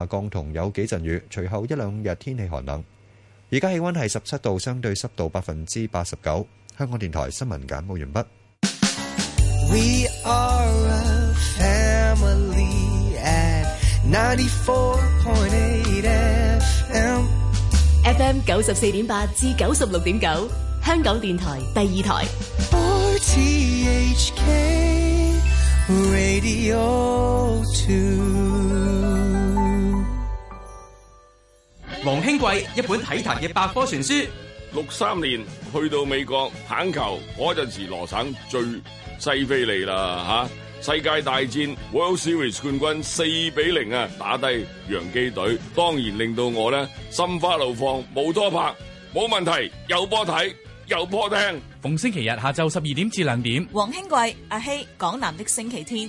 下降，同有幾陣雨，隨後一兩日天氣寒冷。而家氣溫係十七度，相對濕度百分之八十九。香港電台新聞簡報完畢。We are a family at 94.8 FM F M 九十四點八至九十六點九，香港電台第二台。RTHK Radio 2黃興貴一本體壇嘅百科全書。六三年去到美國棒球嗰陣時，羅省最西非利啦吓。世界大戰 World Series 冠軍四比零啊，打低洋基隊，當然令到我咧心花怒放。冇多拍，冇問題，有波睇，有波聽。逢星期日下晝十二點至兩點，黃興貴阿希港南的星期天。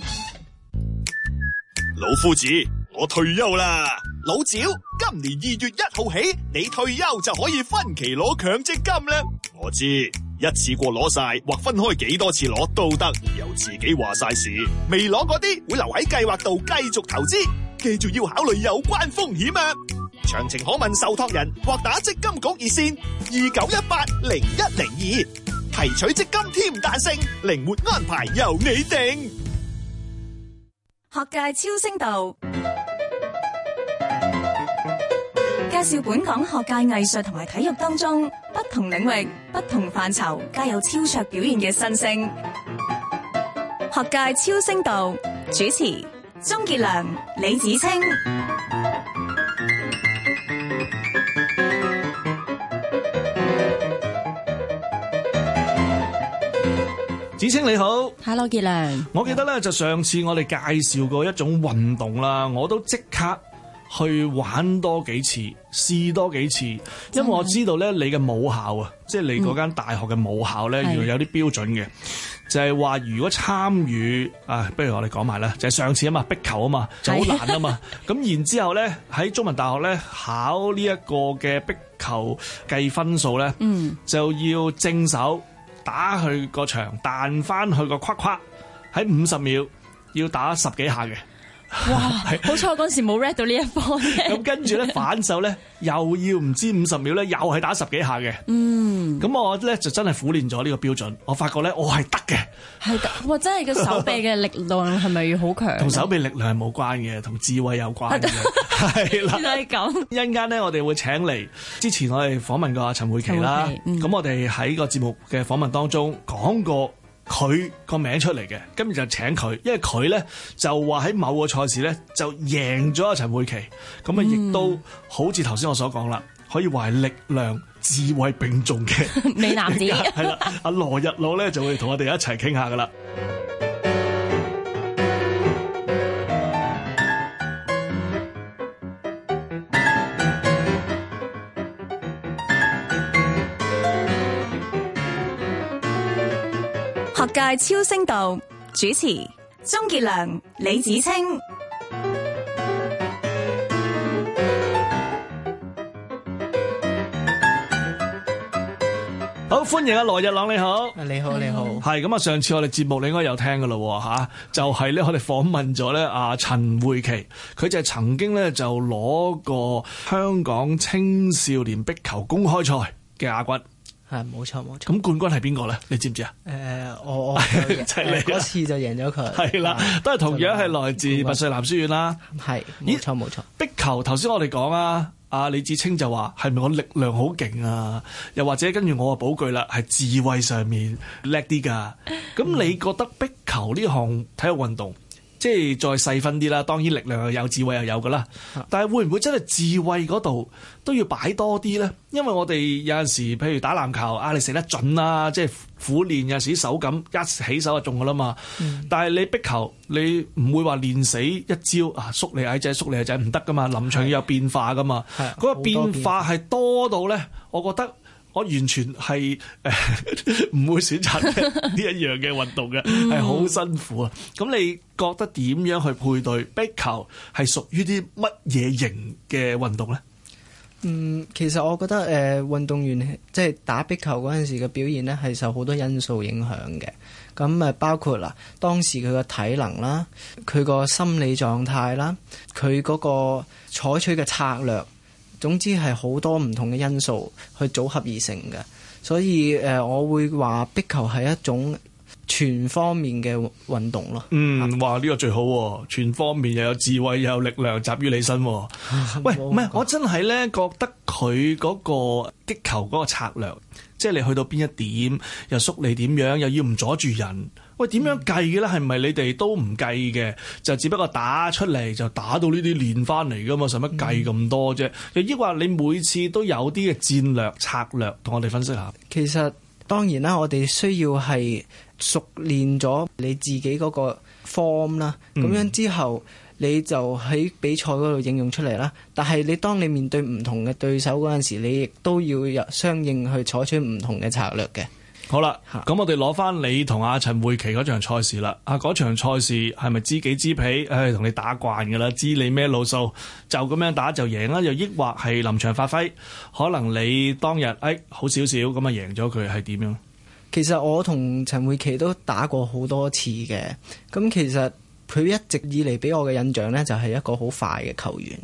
老夫子，我退休啦。老趙，今年二月一號起，你退休就可以分期攞強積金啦。我知一次過攞晒或分開幾多次攞都得，由自己話晒事。未攞嗰啲會留喺計劃度繼續投資，記住要考慮有關風險啊。詳情可問受託人或打積金局熱線二九一八零一零二，提取積金添彈性，靈活安排由你定。學界超聲道。介紹本港學界藝術同埋體育當中不同領域、不同範疇皆有超卓表現嘅新星。學界超星道主持鍾傑良、李芷菁。芷菁你好，Hello 傑良。我記得咧，就上次我哋介紹過一種運動啦，我都即刻。去玩多幾次，試多幾次，因為我知道咧，你嘅母校啊，即係你嗰間大學嘅母校咧，原來、嗯、有啲標準嘅，是就係話如果參與啊，不如我哋講埋啦，就係、是、上次啊嘛，壁球啊嘛，就好難啊嘛。咁是、啊、 然之後咧，喺中文大學咧考呢一個嘅壁球計分數咧，嗯、就要正手打去個場彈翻去個框框，喺五十秒要打十幾下嘅。哇， 好彩我嗰時冇 read 到呢一方咧。 咁跟住咧反手咧又要唔知五十秒咧，又係打十幾下嘅。嗯呢，咁我咧就真係苦練咗呢個標準。我發覺咧我係得嘅。係得哇，真係個手臂嘅力量係咪好強？同 手臂力量係冇關嘅，同智慧有關。係啦 了，原來係咁。一陣間咧，我哋會請嚟之前我哋訪問過阿陳慧琪啦。咁、嗯、我哋喺個節目嘅訪問當中講過。佢個名出嚟嘅，跟住就請佢，因為佢咧就話喺某個賽事咧就贏咗阿陳惠琪，咁啊亦都、嗯、好似頭先我所講啦，可以話係力量、智慧並重嘅 美男子，係啦，阿 羅逸朗咧就會同我哋一齊傾下噶啦。學界超聲道主持鍾傑良、李芷菁，好歡迎阿羅逸朗，你好，你好，你好，係咁啊！上次我哋節目你應該有聽噶啦，吓、嗯、就係咧，我哋訪問咗咧阿陳慧琪，佢就係曾經咧就攞過香港青少年壁球公開賽嘅亞軍。係冇錯冇錯，咁冠軍係邊個咧？你知唔知、呃、 啊？誒、呃，我嗰次就贏咗佢。係啦，啊、都係同樣係來自拔萃男書院啦、啊。係冠，冇錯冇錯。咦錯壁球頭先我哋講啊，阿李芷菁就話：係咪我力量好勁啊？又或者跟住我啊，保具啦，係智慧上面叻啲㗎。咁、嗯、你覺得壁球呢項體育運動？即係再細分啲啦，當然力量又有智慧又有㗎啦。但係會唔會真係智慧嗰度都要擺多啲呢？因為我哋有陣時，譬如打籃球啊，你射得準啦、啊，即係苦練有陣時手感一起手就中㗎啦嘛。嗯、但係你壁球，你唔會話練死一招啊，縮你矮仔，縮你矮仔唔得㗎嘛。臨場要有變化㗎嘛。嗰個變化係多到呢，我覺得。我完全係誒唔會選擇呢一樣嘅運動嘅，係好 辛苦啊！咁你覺得點樣去配對壁球係屬於啲乜嘢型嘅運動呢？嗯，其實我覺得誒，呃、運動員即係、就是、打壁球嗰陣時嘅表現呢，係受好多因素影響嘅。咁啊，包括啦，當時佢個體能啦，佢個心理狀態啦，佢嗰個採取嘅策略。總之係好多唔同嘅因素去組合而成嘅，所以誒，我會話壁球係一種全方面嘅運動咯，嗯，話呢、這個最好、啊、全方面又有智慧，又有力量集於你身、啊。嗯、喂，唔係我真係咧，覺得佢嗰個擊球嗰個策略，即係你去到邊一點又縮你點樣，又要唔阻住人。喂，點樣計嘅咧？係咪你哋都唔計嘅？就只不過打出嚟就打到呢啲練返嚟㗎嘛，使乜計咁多啫？又抑、嗯、或你每次都有啲嘅戰略策略，同我哋分析下。其實當然啦，我哋需要係。熟練咗你自己嗰個 form 啦，咁樣之後你就喺比賽嗰度應用出嚟啦。但係你當你面對唔同嘅對手嗰陣時，你亦都要有相應去採取唔同嘅策略嘅。好啦，咁我哋攞翻你同阿陳匯琪嗰場賽事啦。啊，嗰場賽事係咪知己知彼？唉，同你打慣㗎啦，知你咩路數，就咁樣打就贏啦，又抑或係臨場發揮？可能你當日誒好少少咁啊，贏咗佢係點樣？其實我同陳惠琪都打過好多次嘅，咁其實佢一直以嚟俾我嘅印象呢，就係一個好快嘅球員，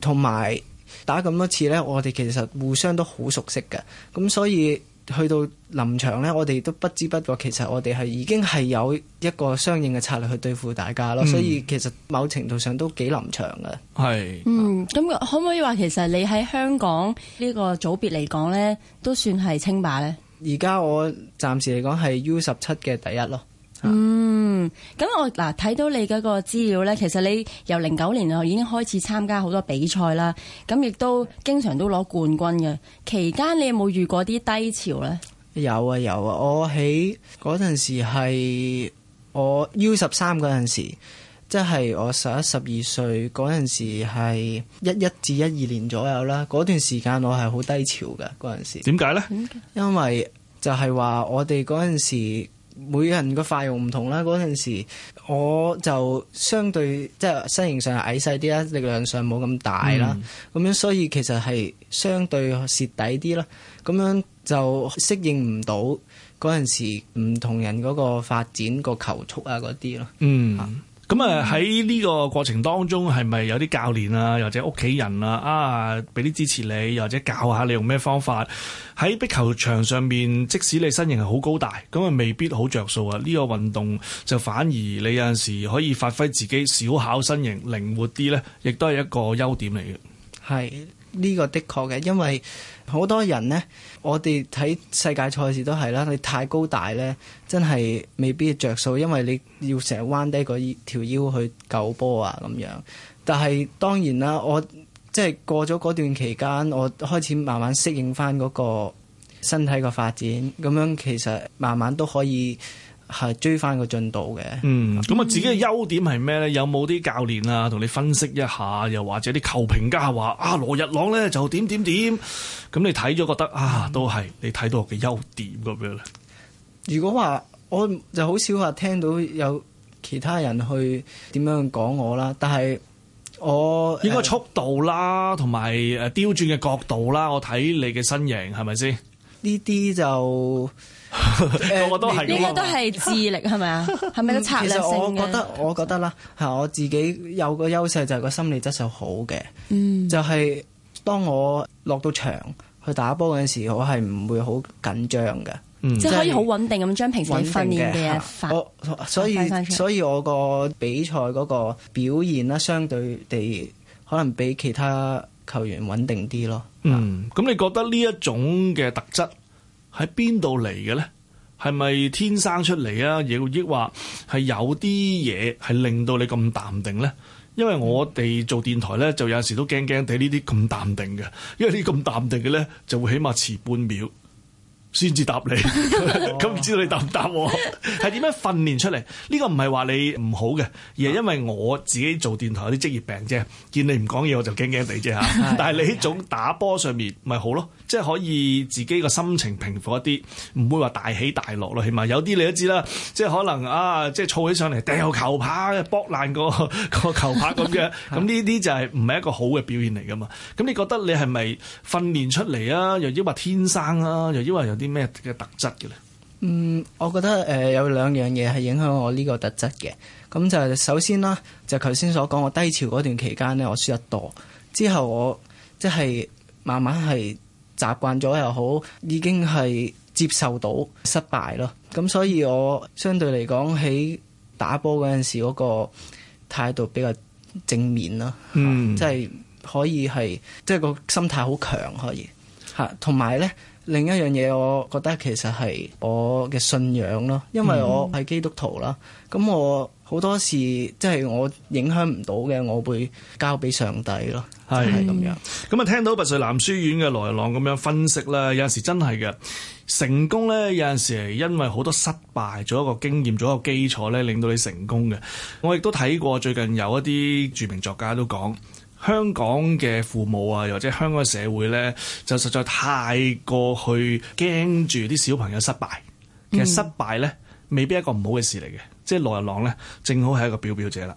同埋打咁多次呢，我哋其實互相都好熟悉嘅，咁所以去到臨場呢，我哋都不知不覺，其實我哋係已經係有一個相應嘅策略去對付大家咯，嗯、所以其實某程度上都幾臨場噶。係是，嗯，咁可唔可以話，其實你喺香港呢個組別嚟講呢，都算係清霸呢？而家我暫時嚟講係 U 十七嘅第一咯。嗯，咁我嗱睇到你嗰個資料呢，其實你由零九年後已經開始參加好多比賽啦，咁亦都經常都攞冠軍嘅。期間你有冇遇過啲低潮呢？有啊有啊，我喺嗰陣時係我 U 十三嗰陣時。即係我十一、十二歲嗰陣時，係一一至一二年左右啦。嗰段時間我係好低潮嘅嗰陣時。點解呢？因為就係話我哋嗰陣時，每人個發育唔同啦。嗰陣時我就相對即係、就是、身形上矮細啲啦，力量上冇咁大啦。咁、嗯、樣所以其實係相對蝕底啲啦。咁樣就適應唔到嗰陣時唔同人嗰個發展、嗰個球速啊嗰啲咯。嗯。啊咁啊喺呢個過程當中係咪有啲教練啊，或者屋企人啊啊，俾啲支持你，又或者教下你用咩方法喺壁球場上面，即使你身形係好高大，咁啊未必好着數啊。呢個運動就反而你有陣時可以發揮自己小巧身形，靈活啲呢，亦都係一個優點嚟嘅。係呢個的確嘅，因為，好多人呢，我哋睇世界賽事都係啦，你太高大呢，真係未必着數，因為你要成日彎低嗰條腰去救波啊咁樣。但係當然啦，我即係過咗嗰段期間，我開始慢慢適應翻嗰個身體嘅發展，咁樣其實慢慢都可以。係追翻個進度嘅，嗯，咁、嗯、啊，自己嘅優點係咩咧？有冇啲教練啊，同你分析一下？又或者啲球評家話啊，羅逸朗咧就點點點？咁、嗯、你睇咗覺得啊，都係你睇到我嘅優點咁樣咧？如果話我就好少話聽到有其他人去點樣講我啦，但係我應該速度啦，同埋誒刁轉嘅角度啦，我睇你嘅身形係咪先？呢啲就。 個都誒，呢個都係智力係咪啊？係咪都策略性？我覺得我覺得啦，係我自己有個優勢就係個心理質素好嘅。嗯，就係當我落到場去打波嗰陣時，我係唔會好緊張嘅，即係、嗯、可以好穩定咁將平時訓練嘅嘢發。所以，所以我個比賽嗰個表現咧，相對地可能比其他球員穩定啲咯。嗯是，咁你覺得呢一種嘅特質？喺邊度嚟嘅咧？係咪天生出嚟啊？亦亦或係有啲嘢係令到你咁淡定咧？因為我哋做電台咧，就有陣時都驚驚哋呢啲咁淡定嘅。因為呢啲咁淡定嘅咧，就會起碼遲半秒。先至答你，咁唔知道你答唔答我？ 係點樣訓練出嚟？呢、呢個唔係話你唔好嘅，而係因為我自己做電台有啲職業病啫。見你唔講嘢我就驚驚地啫嚇。 但係你呢種打波上面咪好咯，即係可以自己個心情平復一啲，唔會話大起大落咯。起碼有啲你都知啦，即係可能啊，即係燥起上嚟掟個球拍，搏爛個個球拍咁嘅。咁呢啲就係唔係一個好嘅表現嚟噶嘛？咁你覺得你係咪訓練出嚟啊？又抑或天生啊？又抑或又？啲咩嘅特質嘅咧？嗯，我覺得誒、呃、有兩樣嘢係影響我呢個特質嘅。咁就首先啦，就頭先所講，我低潮嗰段期間咧，我輸得多。之後我即係、就是、慢慢係習慣咗又好，已經係接受到失敗咯。咁所以，我相對嚟講喺打波嗰陣時嗰個態度比較正面咯。嗯，即係、啊就是、可以係，即、就、係、是、個心態好強可以吓，同埋咧。另一樣嘢，我覺得其實係我嘅信仰咯，因為我係基督徒啦。咁、嗯、我好多時即係我影響唔到嘅，我會交俾上帝咯。係、係、咁樣。咁啊、嗯，聽到拔萃男書院嘅羅逸朗咁樣分析啦。有陣時真係嘅成功咧，有陣時係因為好多失敗做一個經驗，做一個基礎咧，令到你成功嘅。我亦都睇過最近有一啲著名作家都講。香港嘅父母啊，又或者香港嘅社會咧，就實在太過去驚住啲小朋友失敗。其實失敗咧，未必係一個唔好嘅事嚟嘅。嗯、即係羅日朗咧，正好係一個表表者啦。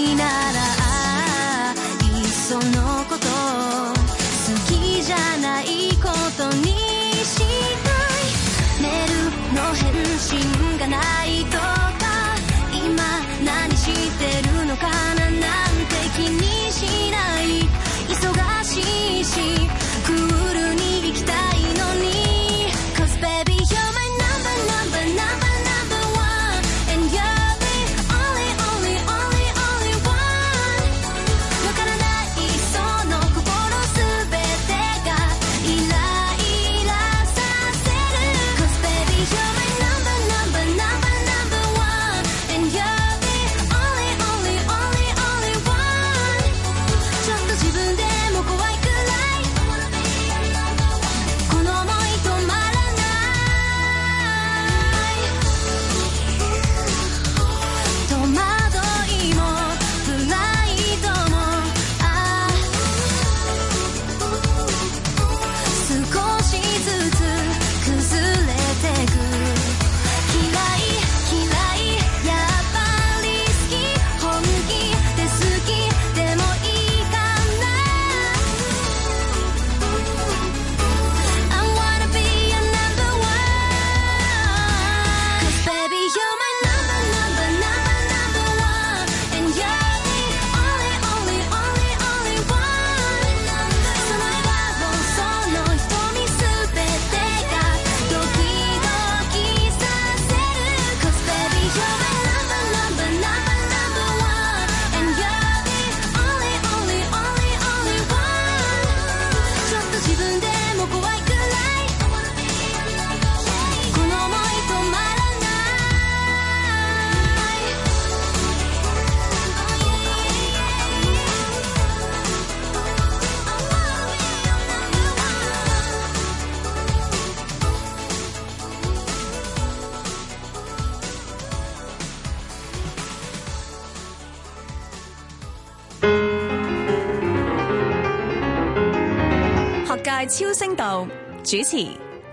超聲道主持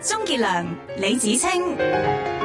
鍾傑良、李芷菁。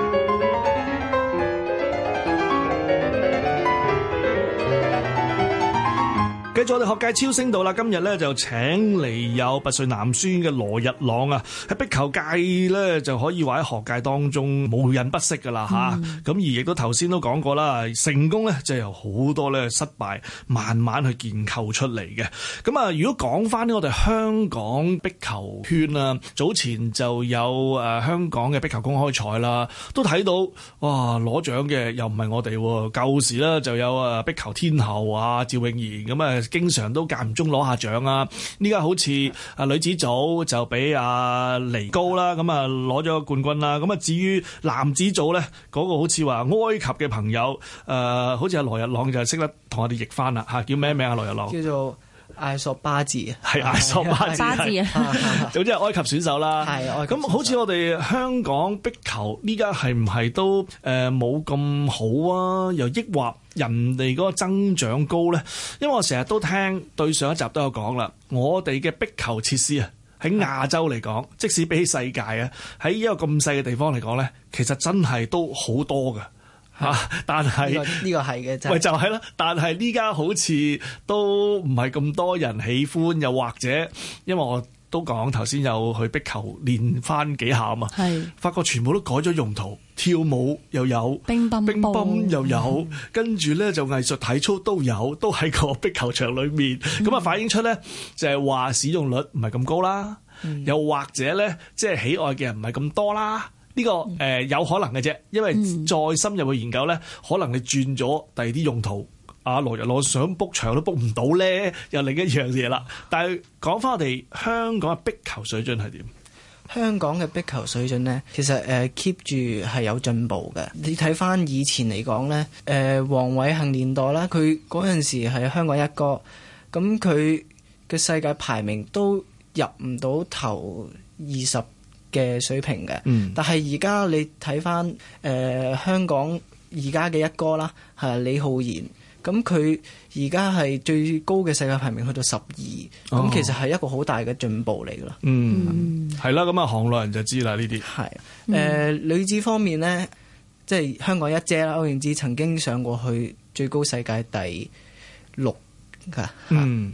咁我哋學界超新星到啦，今日咧，就請嚟有拔萃男孫嘅羅逸朗啊，喺壁球界咧，就可以話喺學界當中冇人不識噶啦吓，咁、嗯、而亦都頭先都講過啦，成功咧，就係由好多咧，失敗慢慢去建構出嚟嘅。咁啊，如果講翻呢，我哋香港壁球圈啊，早前就有誒香港嘅壁球公開賽啦，都睇到哇，攞獎嘅又唔係我哋，舊時啦就有啊，壁球天后啊趙詠賢咁啊。經常都間唔中攞下獎啊。呢家好似啊女子組就俾阿尼高啦，咁啊攞咗個冠軍啦。咁啊至於男子組咧，嗰個好似話埃及嘅朋友，誒、呃、好似阿羅逸朗就係識得同我哋譯翻啦嚇、啊，叫咩名啊？羅逸朗叫做艾索巴字，係艾索巴字，總之係埃及選手啦。係咁， 好似我哋香港壁球呢家係唔係都誒冇咁好啊？又抑或？人哋嗰個增長高咧，因為我成日都聽對上一集都有講啦，我哋嘅壁球設施啊，喺亞洲嚟講，嗯、即使比起世界啊，喺一個咁細嘅地方嚟講咧，其實真係都好多㗎吓、就係。但係呢個係嘅，喂就係啦。但係依家好似都唔係咁多人喜歡，又或者因為我。都講頭先有去壁球練翻幾下啊嘛，係發覺全部都改咗用途，跳舞又有，乒，乒，乓乒，乒乓又有，嗯、跟住咧就藝術體操都有，都喺個壁球場裏面，咁啊、嗯、反映出咧就係、係、話使用率唔係咁高啦，嗯、又或者咧即係喜愛嘅人唔係咁多啦，呢、呢個誒有可能嘅啫，因為再深入去研究咧，嗯、可能你轉咗第二啲用途。啊！羅逸朗想 book 場都 book 唔到咧，又另一樣嘢啦。但係講翻我哋香港嘅壁球水準係點？香港嘅壁球水準呢，其實誒 keep 住係有進步嘅。你睇翻以前嚟講呢，誒、呃、黃偉恒年代啦，佢嗰陣時係香港一哥，咁佢嘅世界排名都入唔到頭二十嘅水平嘅。嗯、但係而家你睇翻誒香港而家嘅一哥啦，係李浩然。咁佢而家係最高嘅世界排名去到十二，哦，咁其實係一個好大嘅進步嚟噶啦。嗯，係啦，咁啊，行內人就知啦呢啲。係誒的、嗯呃，女子方面呢，即係香港一姐啦，歐燕姿曾經上過去最高世界第六噶。嗯，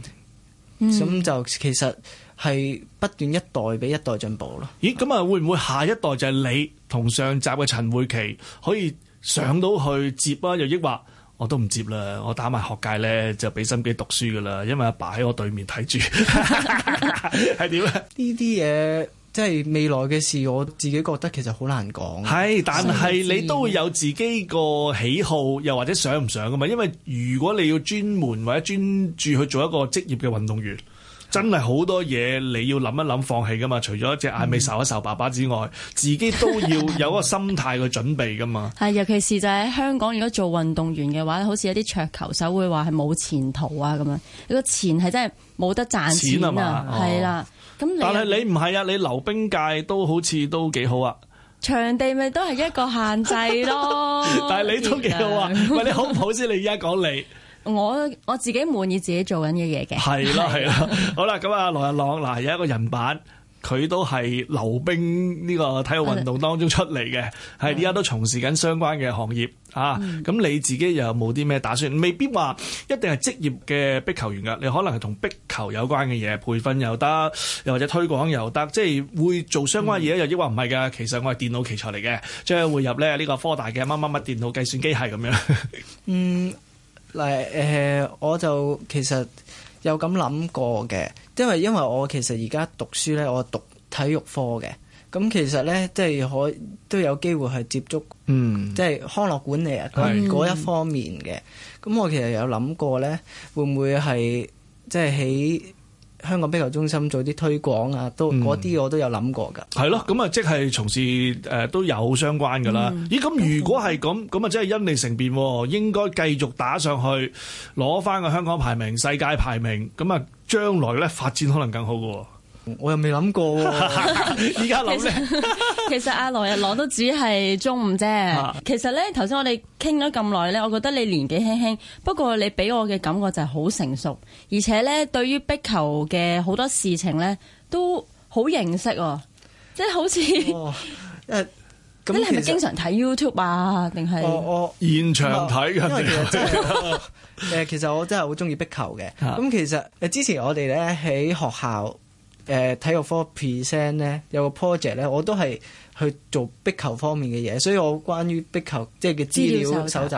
咁的、嗯、就其實係不斷一代比一代進步咯。嗯嗯、咦，咁啊，會唔會下一代就係你同上集嘅陳慧琪可以上到去接啊？又抑的或？我都唔接啦，我打埋學界咧就俾心機讀書噶啦，因為阿爸喺我對面睇住， 係點咧？呢啲嘢即係未來嘅事，我自己覺得其實好難講。係，但係你都會有自己個喜好，又或者想唔想噶嘛？因為如果你要專門或者專注去做一個職業嘅運動員。真係好多嘢你要諗一諗放棄噶嘛，除咗一隻眼尾睄一睄爸爸之外，自己都要有一個心態去準備噶嘛。係， 尤其是就喺香港，如果做運動員嘅話，好似一啲桌球手會話係冇前途啊咁樣，個錢係真係冇得賺錢啊，錢啊嘛，係，哦，啦。咁但係你唔係啊，你溜冰界好都好似都幾好啊。 場地咪都係一個限制咯。 但係你都幾好啊？ 喂，你好唔好先，你而家講你。我我自己滿意自己做緊嘅嘢嘅，係啦係啦， 好啦，咁啊羅日朗嗱，有一個人版，佢都係溜冰呢個體育運動當中出嚟嘅，係而家都從事緊相關嘅行業、嗯、啊。咁你自己又冇啲咩打算？未必話一定係職業嘅壁球員噶，你可能係同壁球有關嘅嘢，培訓又得，又或者推廣又得，即係會做相關嘢。嗯、又抑或唔係噶？其實我係電腦奇才嚟嘅，將會入咧呢個科大嘅乜乜乜電腦計算機系咁樣， 嗯。嗱誒，我就其實有咁諗過嘅，因為因為我其實而家讀書咧，我讀體育科嘅，咁其實咧即係可都有機會去接觸，即係康樂管理啊嗰一方面嘅，咁、嗯、我其實有諗過咧，會唔會係即係喺香港壁球中心做啲推廣啊，都嗰啲，嗯、我都有諗過噶。係咯，咁啊即係從事誒都有相關噶啦。嗯、咦，咁如果係咁，咁啊即係因利乘便，應該繼續打上去，攞翻個香港排名、世界排名，咁啊將來咧發展可能更好噶。我又未諗過，依家諗先。其實阿羅逸朗都只係中五啫。 其實咧，頭先我哋傾咗咁耐咧，我覺得你年紀輕輕，不過你俾我嘅感覺就係好成熟，而且咧對於壁球嘅好多事情咧，都好認識，即係好似。誒、哦、咁、啊、你係咪經常睇 YouTube 啊？定係？我、呃、我現場睇嘅 、呃。其實我真係好鍾意壁球嘅。咁其實之前我哋咧喺學校。誒體育科 present 咧有個 project 咧，我都係去做壁球方面嘅嘢，所以我關於壁球即係嘅資料搜集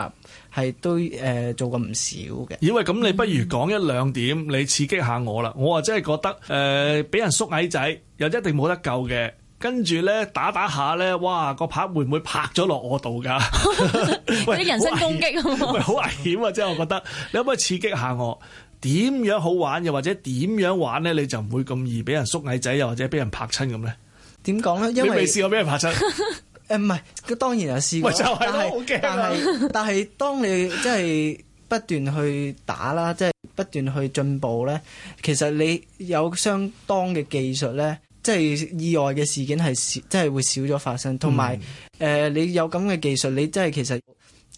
係都誒做過唔少嘅。以為咁你不如講一兩點，你刺激下我啦。我啊真係覺得誒俾、呃、人縮矮仔，又一定冇得救嘅。跟住咧打打下咧，哇個拍會唔會拍咗落我度㗎？有 人身攻擊，唔係好危險啊！即係我覺得，你可唔可以刺激下我？點樣好玩又或者點樣玩呢？你就唔會咁易俾人縮矮仔又或者俾人拍親咁呢？點講呢？你未試過俾人拍親？誒 呃，唔係，當然有試過。就是、但係是， 但係，當你即係、就是、不斷去打啦，即、就、係、是、不斷去進步呢。其實你有相當嘅技術呢，即、就、係、是、意外嘅事件係，即、就、係、是、會少咗發生。同埋，誒、嗯呃，你有咁嘅技術，你真係其實。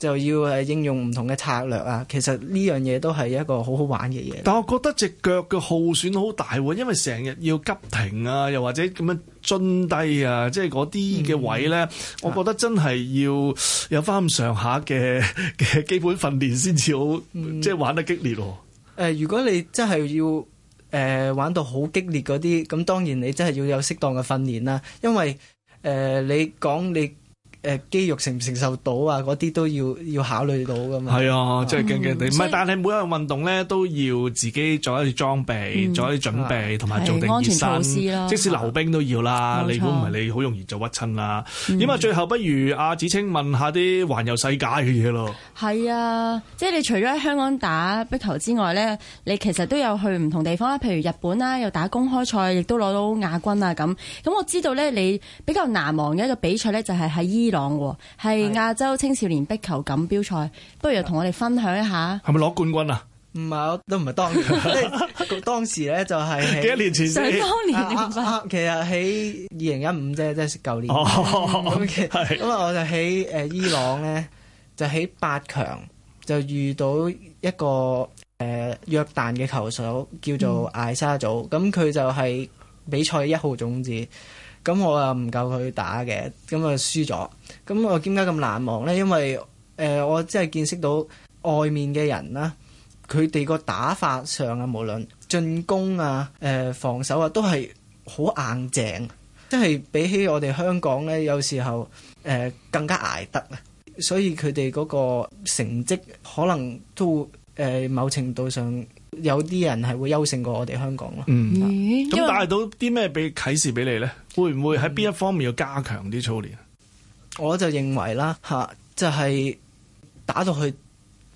就要係應用唔同嘅策略啊！其實呢樣嘢都係一個好好玩嘅嘢。但我覺得隻腳嘅耗損好大喎，因為成日要急停啊，又或者咁樣蹲低啊，即係嗰啲嘅位咧，嗯、我覺得真係要有翻咁上下嘅嘅基本訓練先至好，即係玩得激烈喎、啊。誒、嗯呃，如果你真係要誒、呃、玩到好激烈嗰啲，咁當然你真係要有適當嘅訓練啦，因為誒、呃、你講你。誒肌肉承唔承受到，到啊？嗰啲都要要考慮到噶嘛。係啊、嗯，即係驚驚哋，唔係以，但係每一樣運動咧，都要自己做一啲裝備，嗯、做一啲準備同埋的做啲安全措施咯，即使溜冰都要啦，的你如果唔係你好容易就屈親啦。咁啊、嗯，最後不如阿、啊、子清問下啲環遊世界嘅嘢咯。係啊，即係你除咗喺香港打壁球之外咧，你其實都有去唔同地方啦。譬如日本啦，又打公開賽亦都攞到亞軍啊咁。咁我知道咧，你比較難忘嘅一個比賽咧，就係喺伊。係亞洲青少年壁球錦標賽，不如同我哋分享一下。係咪攞冠軍啊？唔係，都唔係當年。 當時咧就係幾多年前，上當年。啊啊啊、其實喺二零一五啫，即係舊年。咁啊，我就喺誒伊朗咧，就喺八強就遇到一個誒約旦嘅球手叫做艾沙祖，咁佢就係比賽一號種子。咁我又唔夠佢打嘅，咁啊輸咗。咁我點解咁難忘呢？因為誒，我真係見識到外面嘅人啦，佢哋個打法上啊，無論進攻啊，誒防守啊，都係好硬淨，即係比起我哋香港呢，有時候誒更加捱得啊。所以佢哋嗰個成績可能都誒某程度上。有啲人係會優勝過我哋香港咯。嗯，咁帶到啲咩俾啟示俾你咧？會唔會喺邊一方面要加強啲操練？我就認為啦，吓，就係打到去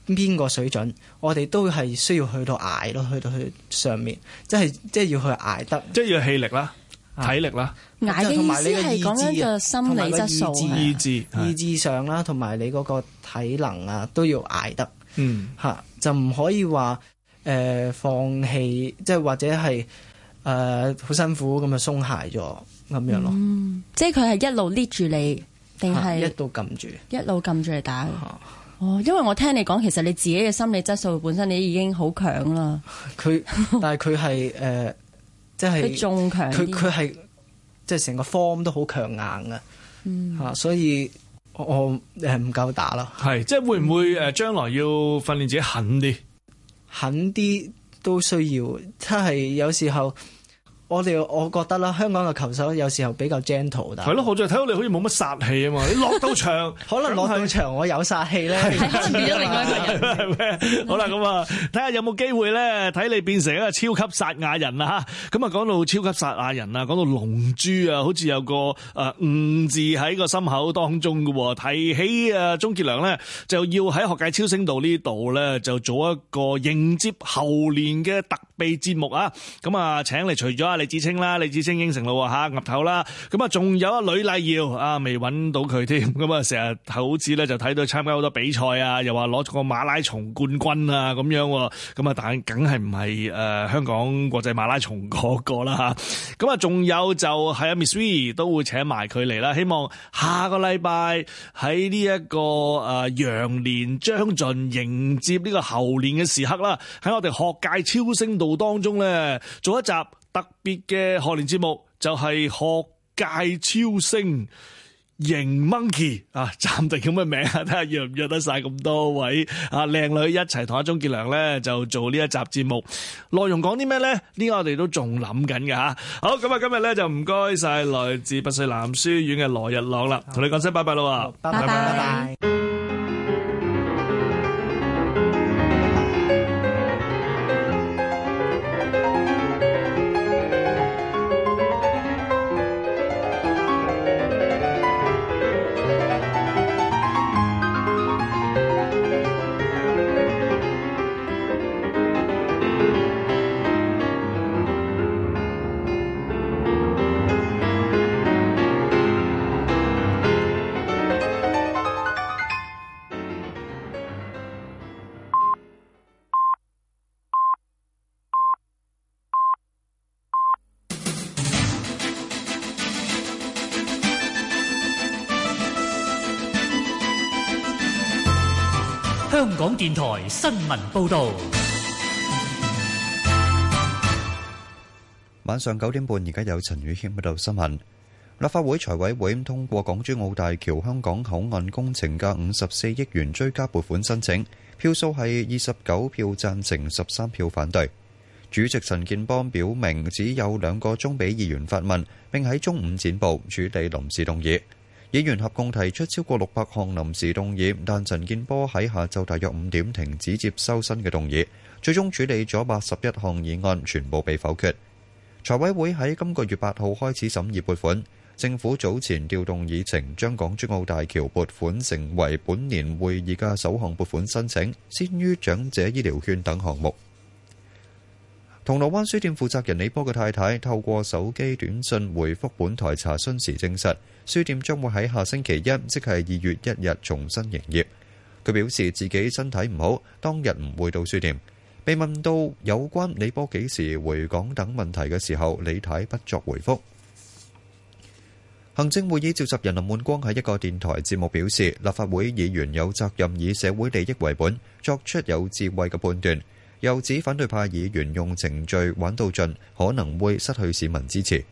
邊個水準，我哋都係需要去到捱咯，去到去上面，即係即係要去捱得，即係要氣力啦、體力啦。捱嘅意思係講呢個心理質素，意志、意志、意志、上啦，同埋你嗰個體能啊，都要捱得。嗯，吓就唔可以話。誒、呃，放棄即係或者係誒，好、呃、辛苦咁、嗯、啊，鬆懈咗咁樣咯。即係佢係一路捏住你，定係一路撳住，一路撳住嚟打。嗯、哦，因為我聽你講，其實你自己嘅心理質素本身你已經好強啦。佢、嗯，但係佢係誒，即係佢仲強。佢佢係即係成個 form 都好強硬、嗯、啊。吓，所以我誒唔夠打咯。係，即係會唔會誒，將來要訓練自己狠啲？狠啲都需要，即係有時候。我哋我覺得啦，香港嘅球手有時候比較 gentle，但係咯，我最近睇到你好似冇乜殺氣啊嘛！你落到場，可能 落到場我有殺氣咧， 變咗另外一個人。 好啦，咁啊，睇下有冇機會咧，睇你變成一個超級撒亞人啦、啊、嚇！咁啊，講到超級撒亞人啊，講到龍珠啊，好似有個誒、呃、誤字喺個心口當中嘅喎。提起啊，鍾、呃、傑良咧，就要喺學界超星道呢度咧，就做一個迎接後年嘅特備節目啊！咁啊，請你除咗。李子清啦，李子清應承啦，吓、啊、岌頭啦，咁啊，仲有啊呂麗瑤啊，未揾到佢添，咁啊，成日好似咧就睇到參加好多比賽啊，又話攞咗個馬拉松冠軍啊，咁樣，咁啊，但係梗係唔係誒香港國際馬拉松嗰個啦吓，咁啊，仲有就係、是、阿、啊、Miss We 都會請埋佢嚟啦，希望下個禮拜喺呢一個誒羊年將盡迎接呢個猴年嘅時刻啦，喺我哋學界超聲道當中咧做一集。特別嘅學年節目就係學界超星型 monkey 啊，暫定叫咩名啊？睇下約唔約得晒咁多位啊，靚女一齊同阿鍾傑良咧就做呢一集節目，內容講啲咩咧？呢個我哋都仲諗緊嘅吓。好，咁啊今日咧就唔該晒來自拔萃男書院嘅羅逸朗啦，同你講聲拜拜啦，好拜拜。拜拜拜拜。新聞報道，晚上九點半，而家有陳宇謙報道新聞。立法會財委會通過港珠澳大橋香港口岸工程嘅五十四億元追加撥款申請，票數係二十九票贊成，十三票反對。主席陳建邦表明，只有兩個鐘俾議員發問，並喺中午展佈處理臨時動議。議員合共提出超過六百項臨時動議，但陳建波喺下晝大約五點停止接收新嘅動議，最終處理咗八十一項議案，全部被否決。財委會喺今個月八號開始審議撥款，政府早前調動議程，將港珠澳大橋撥款成為本年會議嘅首項撥款申請，先於長者醫療券等項目。銅鑼灣書店負責人李波嘅太太透過手機短信回覆本台查詢時證實，書店將會喺下星期一，即係二月一日重新營業。佢表示自己身體唔好，當日唔會到書店。被問到有關李波幾時回港等問題嘅時候，李太不作回覆。行政會議召集人林煥光喺一個電台節目表示，立法會議員有責任以社會利益為本，作出有智慧嘅判斷。又指反對派議員用程序玩到盡，可能會失去市民支持。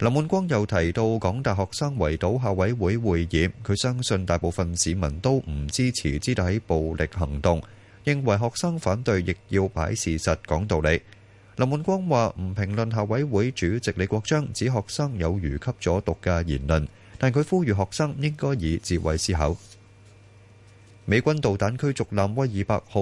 林煥光又提到港大學生圍堵校委會會議，佢相信大部分市民都唔支持肢體暴力行動，認為學生反對亦要擺事實講道理。林煥光話唔評論校委會主席李國章指學生有如吸咗毒嘅言論，但佢呼籲學生應該以智慧思考。美軍導彈驅逐艦威爾伯號。